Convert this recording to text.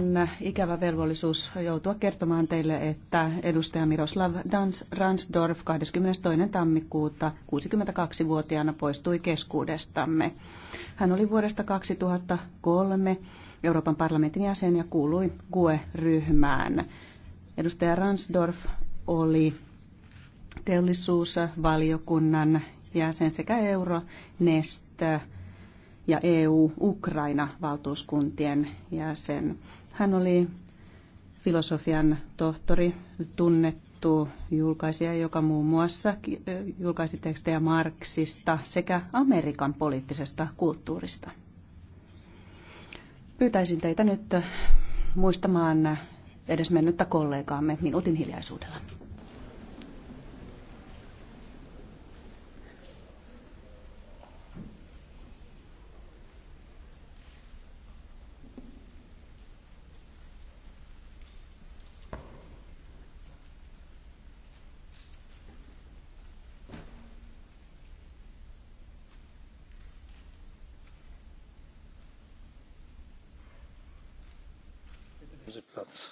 on ikävä velvollisuus joutua kertomaan teille, että edustaja Miroslav Dans Ransdorf 22. tammikuuta 62-vuotiaana poistui keskuudestamme. Hän oli vuodesta 2003 Euroopan parlamentin jäsen ja kuului GUE-ryhmään. Edustaja Ransdorf oli teollisuusvaliokunnan jäsen sekä Euronest ja EU-Ukraina-valtuuskuntien jäsen. Hän oli filosofian tohtori, tunnettu julkaisija, joka muun muassa julkaisi tekstejä Marksista sekä Amerikan poliittisesta kulttuurista. Pyytäisin teitä nyt muistamaan edesmennyttä kollegaamme minuutin hiljaisuudella. plats.